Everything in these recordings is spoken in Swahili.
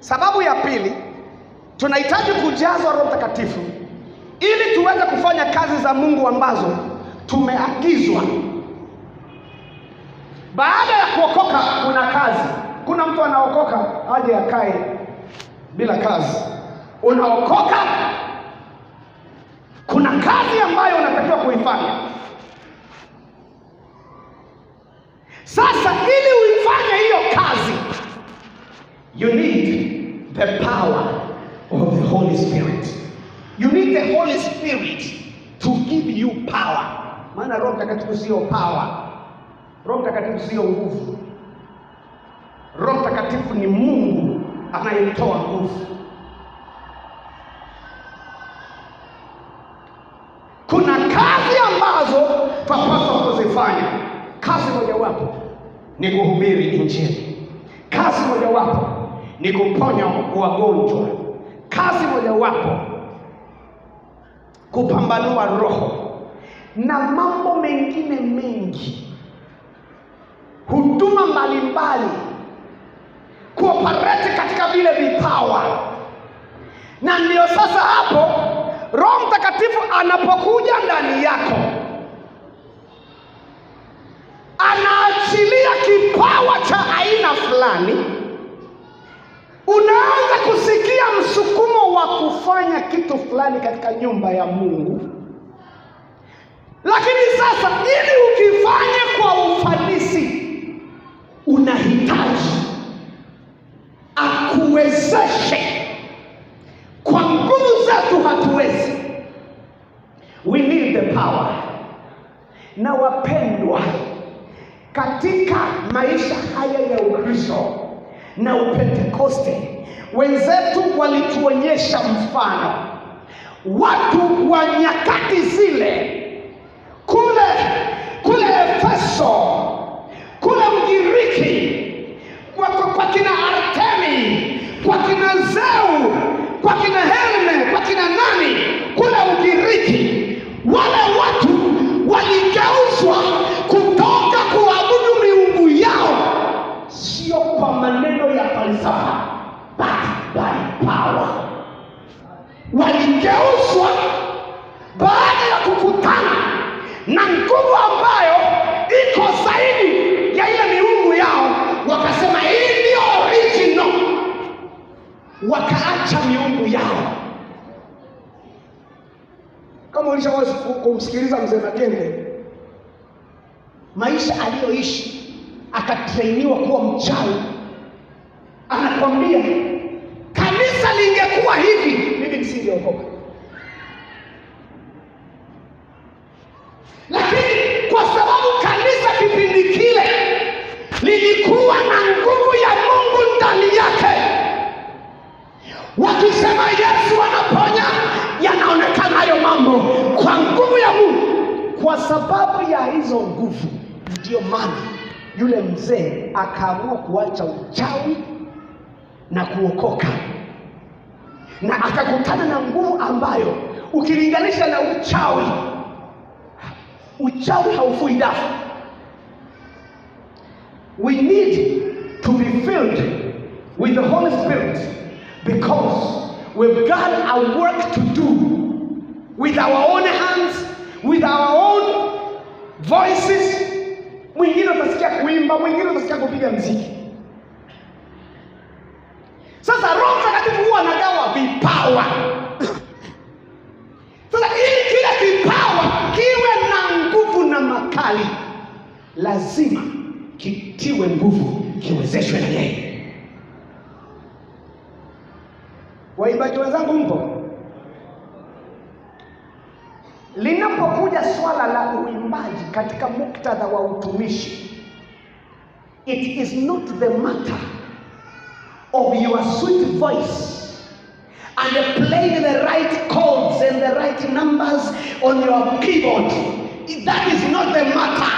Sababu ya pili, tunahitaji kujazwa Roho Mtakatifu ili tuweze kufanya kazi za Mungu ambazo tumeagizwa. Baada ya kuokoka kuna kazi. Kuna mtu anaokoka aje akae bila kazi? Unaokoka You need the power of the Holy Spirit. You need the Holy Spirit to give you power, maana Roho Mtakatifu sio power. Roho Mtakatifu sio nguvu. Roho Mtakatifu ni Mungu anayetoa nguvu. Kuna kazi ambazo twapaswa kuzifanya. Kazi mojawapo ni kuhubiri Injili. Kazi mojawapo ni kuponya wagonjwa. Kazi mojawapo kupambanua roho na mambo mengine mengi, huduma mbalimbali, kuoperate katika vile vipawa. Na ndiyo sasa hapo Roho Mtakatifu anapokuja ndani yako anaachilia kipawa cha aina fulani Unaanza kusikia msukumo wa kufanya kitu fulani katika nyumba ya Mungu, lakini sasa ili ukifanye kwa ufanisi, unahitaji akuwezeshe. Kwa nguvu zetu hatuwezi, we need the power. Na wapendwa, katika maisha haya ya Ukristo na Upentekoste wenzetu walituonyesha mfano. Watu wa nyakati zile ulishawahi kumsikiliza mzee Makende? Maisha aliyoishi akatrainiwa kuwa mchawi, anakwambia kanisa lingekuwa hivi akaamua kuacha uchawi na kuokoka, na akakutana na nguvu ambayo ukilinganisha na uchawi, uchawi haufui dafu. We need to be filled with the Holy Spirit because we've got a work to do with our own hands, with our own voices mwingine utasikia kuimba, mwingine utasikia kupiga mziki. Sasa Roho Mtakatifu huwa anagawa vipawa. Sasa ili kile kipawa kiwe na nguvu na makali, lazima kitiwe nguvu, kiwezeshwe na yeye. Waimbaji wenzangu mpo? linapokuja swala la uimbaji katika muktadha wa utumishi, it is not the matter of your sweet voice and playing the right chords and the right numbers on your keyboard. That is not the matter.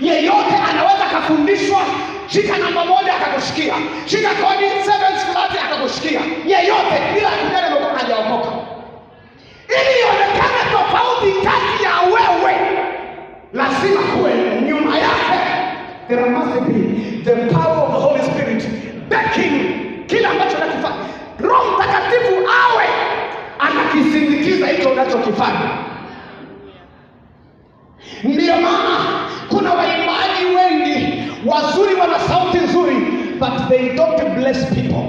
Yeyote anaweza akafundishwa shika namba moja akakushikia, shika kodi seventh flat akakushikia, yeyote bila kujali hajaokoka, ili ionekane tofauti must be the power of the Holy Spirit backing kila ambacho nakifanya. Roho Mtakatifu awe anakisindikiza hicho unachokifanya. Ndiyo maana kuna waimbaji wengi wazuri, wana sauti nzuri, but they don't bless people,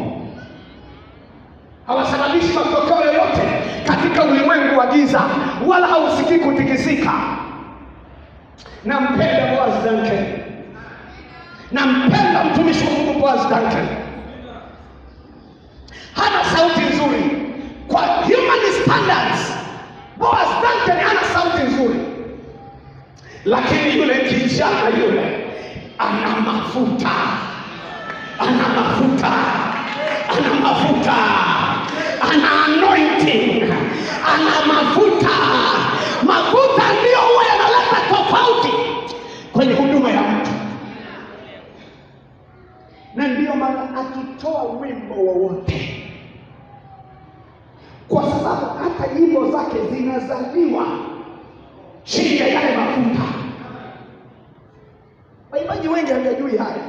hawasababishi matokeo yoyote katika ulimwengu wa giza, wala hausikii kutikisika. Nampenda Boaz Duncan Nampenda mtumishi wa Mungu Boaz Duncan, hana sauti nzuri kwa human standards. Boaz Duncan hana sauti nzuri, lakini yule kijana yule ana mafuta, ana mafuta, ana mafuta, ana anointing, ana mafuta. Mafuta ndiyo huwa yanaleta tofauti kwenye huduma ya kutoa wimbo wowote, kwa sababu hata nyimbo zake zinazaliwa chini ya yale mafuta. Waimbaji wengi hawajui haya.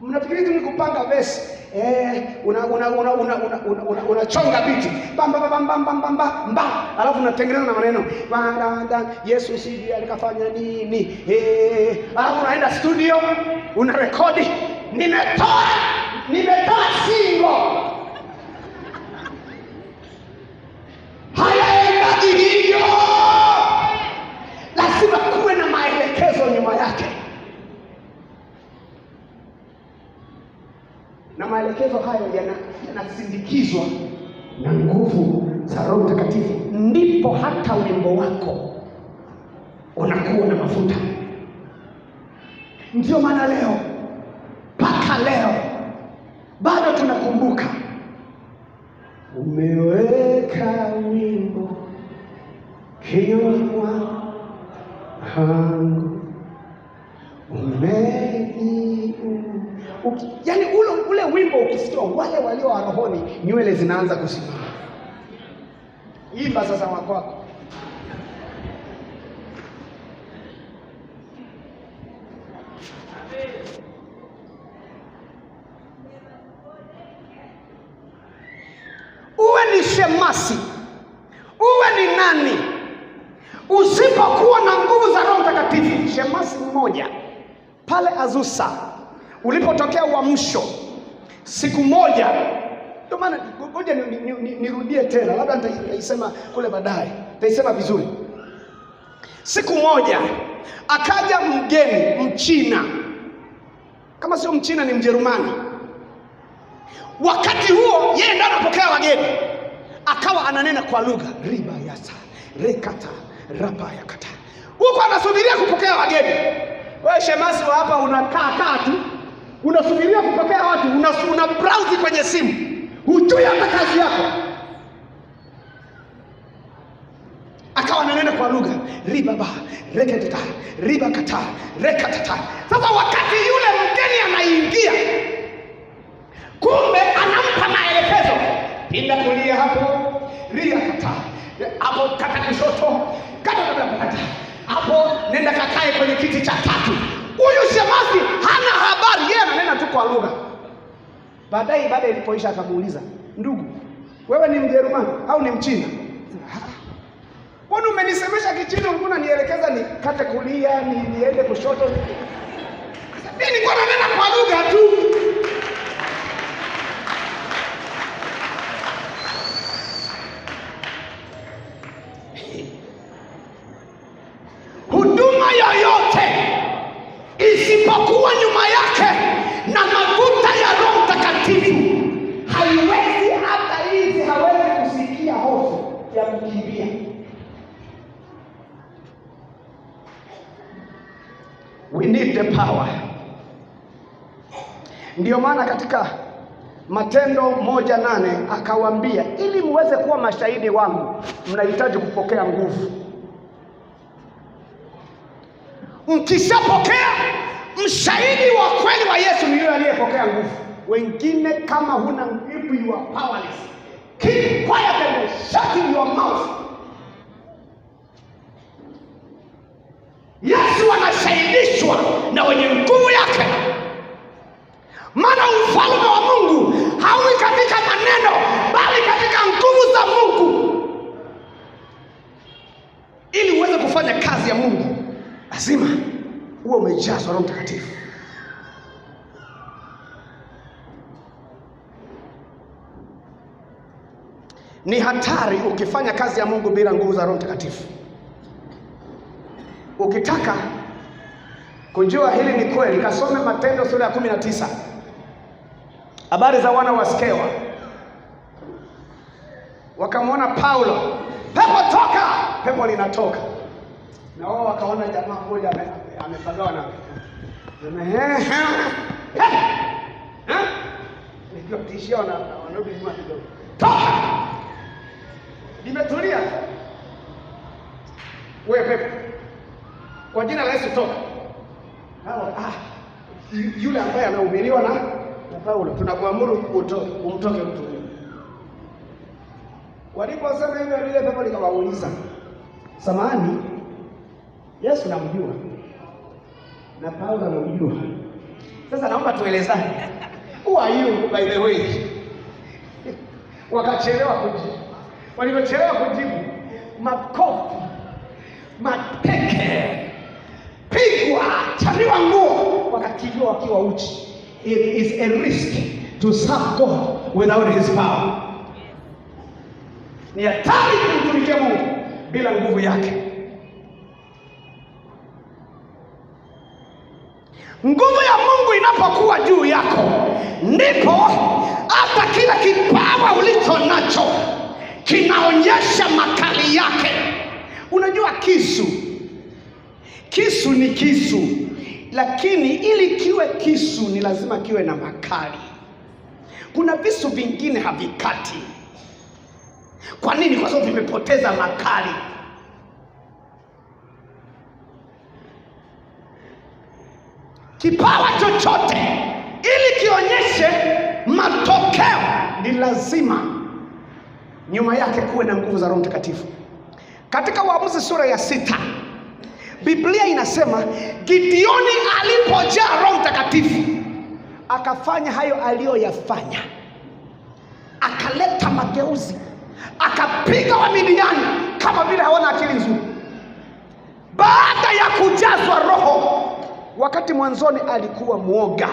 Mnafikiri tu ni kupanga vesi eh, unachonga una, una, una, una, una una, biti bamba bamba bamba bamba, alafu unatengeneza na maneno banda Yesu sijui alikafanya nini eh, alafu unaenda studio unarekodi, nimetoa nimekaa singo hayaendaji hivyo lazima kuwe na maelekezo nyuma yake na maelekezo hayo yanasindikizwa yana na nguvu za roho mtakatifu ndipo hata wimbo wako unakuwa na mafuta ndio maana leo mpaka leo kumbuka Umeweka wimbo kinywani hangu umeni yani ule ule wimbo ukisikiwa, wale walio rohoni nywele zinaanza kusimama. Imba sasa wakwako nani? usipokuwa na nguvu za Roho Mtakatifu. Shemasi mmoja pale Azusa ulipotokea uamsho siku moja, ndio maana ngoja nirudie tena, labda nitaisema kule baadaye, nitaisema vizuri. Siku moja akaja mgeni Mchina, kama sio Mchina ni Mjerumani. Wakati huo yeye ndio anapokea ananena kwa lugha riba yasa rekata rapa yakata, huko anasubiria kupokea wageni. Wewe shemasi wa hapa unakaa kaa tu unasubiria kupokea watu, una browse kwenye simu, hujui hata kazi yako. Akawa ananena kwa lugha riba ba rekatata riba kata rekatata. Sasa wakati yule mgeni anaingia, kumbe anampa maelekezo, pinda kulia hapo lia kata hapo, kata kushoto, kata kata hapo, nenda kakae kwenye kiti cha tatu. Huyu shemasi hana habari, yeye ananena tu kwa lugha. Baadaye baada ilipoisha, akamuuliza ndugu, wewe ni Mjerumani au ni Mchina? Mbona ah, ah. umenisemesha Kichina, ni nikate kulia, niende kushoto? We need the power. Ndiyo maana katika Matendo moja nane akawaambia, ili muweze kuwa mashahidi wangu mnahitaji kupokea nguvu. Mkishapokea, mshahidi wa kweli wa Yesu ni yule aliyepokea nguvu. Wengine kama huna nguvu, you are powerless. Keep quiet and shut your mouth. kushindwa na wenye nguvu yake, maana ufalme wa Mungu haui katika maneno, bali katika nguvu za Mungu. Ili uweze kufanya kazi ya Mungu, lazima uwe umejazwa Roho Mtakatifu. Ni hatari ukifanya kazi ya Mungu bila nguvu za Roho Mtakatifu ukitaka Kujua hili ni kweli, kasome Matendo sura ya kumi na tisa habari za wana wa Skewa. Wakamwona Paulo, pepo toka, pepo linatoka, na wao wakaona jamaa mmoja amepagawa na nikiwatishia wanarudi nyuma kidogo, toka, limetulia. wewe pepo, kwa jina la Yesu toka ah, yule ambaye anahubiriwa na na Paulo, tunakuamuru umtoke mtu huyu. Waliposema hivyo, lile pepo likawauliza, samani Yesu namjua na Paulo namjua, sasa naomba tuelezane, who are you by the way? Wakachelewa kujibu. Walivyochelewa kujibu, makofi mateke wakatiliwa wakiwa uchi. It is a risk to serve God without his power. Ni hatari kumtumikia Mungu bila nguvu yake. Nguvu ya Mungu inapokuwa juu yako, ndipo hata kila kipawa ulicho nacho kinaonyesha makali yake. Unajua kisu, kisu ni kisu lakini ili kiwe kisu ni lazima kiwe na makali. Kuna visu vingine havikati. Kwa nini? Kwa sababu vimepoteza makali. Kipawa chochote ili kionyeshe matokeo, ni lazima nyuma yake kuwe na nguvu za Roho Mtakatifu. Katika Waamuzi sura ya sita Biblia inasema Gideoni alipojaa Roho Mtakatifu akafanya hayo aliyoyafanya, akaleta mageuzi, akapiga Wamidiani kama vile hawana akili nzuri. Baada ya kujazwa Roho, wakati mwanzoni alikuwa mwoga.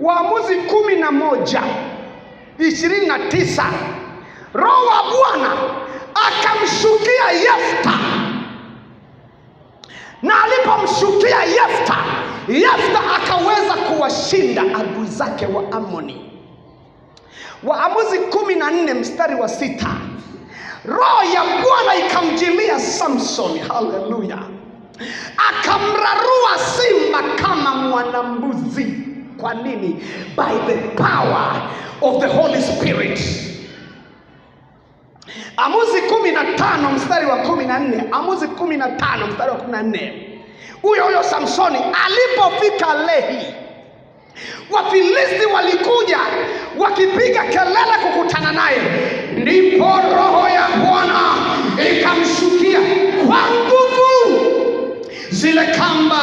Waamuzi kumi na moja ishirini na tisa Roho wa Bwana akamshukia Yefta na alipomshukia Yefta, Yefta akaweza kuwashinda adui zake wa Amoni. Waamuzi kumi na nne mstari wa sita roho ya Bwana ikamjilia samson haleluya, akamrarua simba kama mwanambuzi. Kwa nini? By the power of the Holy Spirit. Amuzi kumi na tano mstari wa kumi na nne Amuzi kumi na tano mstari wa kumi na nne huyo huyo Samsoni alipofika Lehi, Wafilisti walikuja wakipiga kelele kukutana naye, ndipo roho ya Bwana ikamshukia kwa nguvu, zile kamba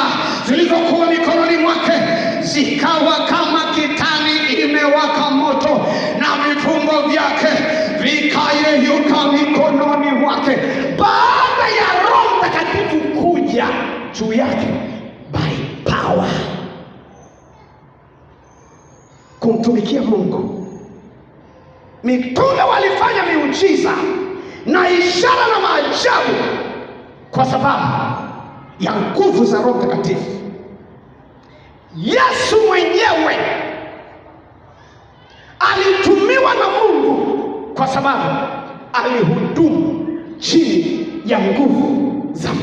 zilizokuwa mikononi mwake zikawa kama kitani imewaka moto, na vifungo vyake yuka mikononi mwake. Baada ya Roho Mtakatifu kuja juu yake by power, kumtumikia Mungu. Mitume walifanya miujiza na ishara na maajabu kwa sababu ya nguvu za Roho Mtakatifu. Yesu mwenyewe ali kwa sababu alihudumu chini ya nguvu za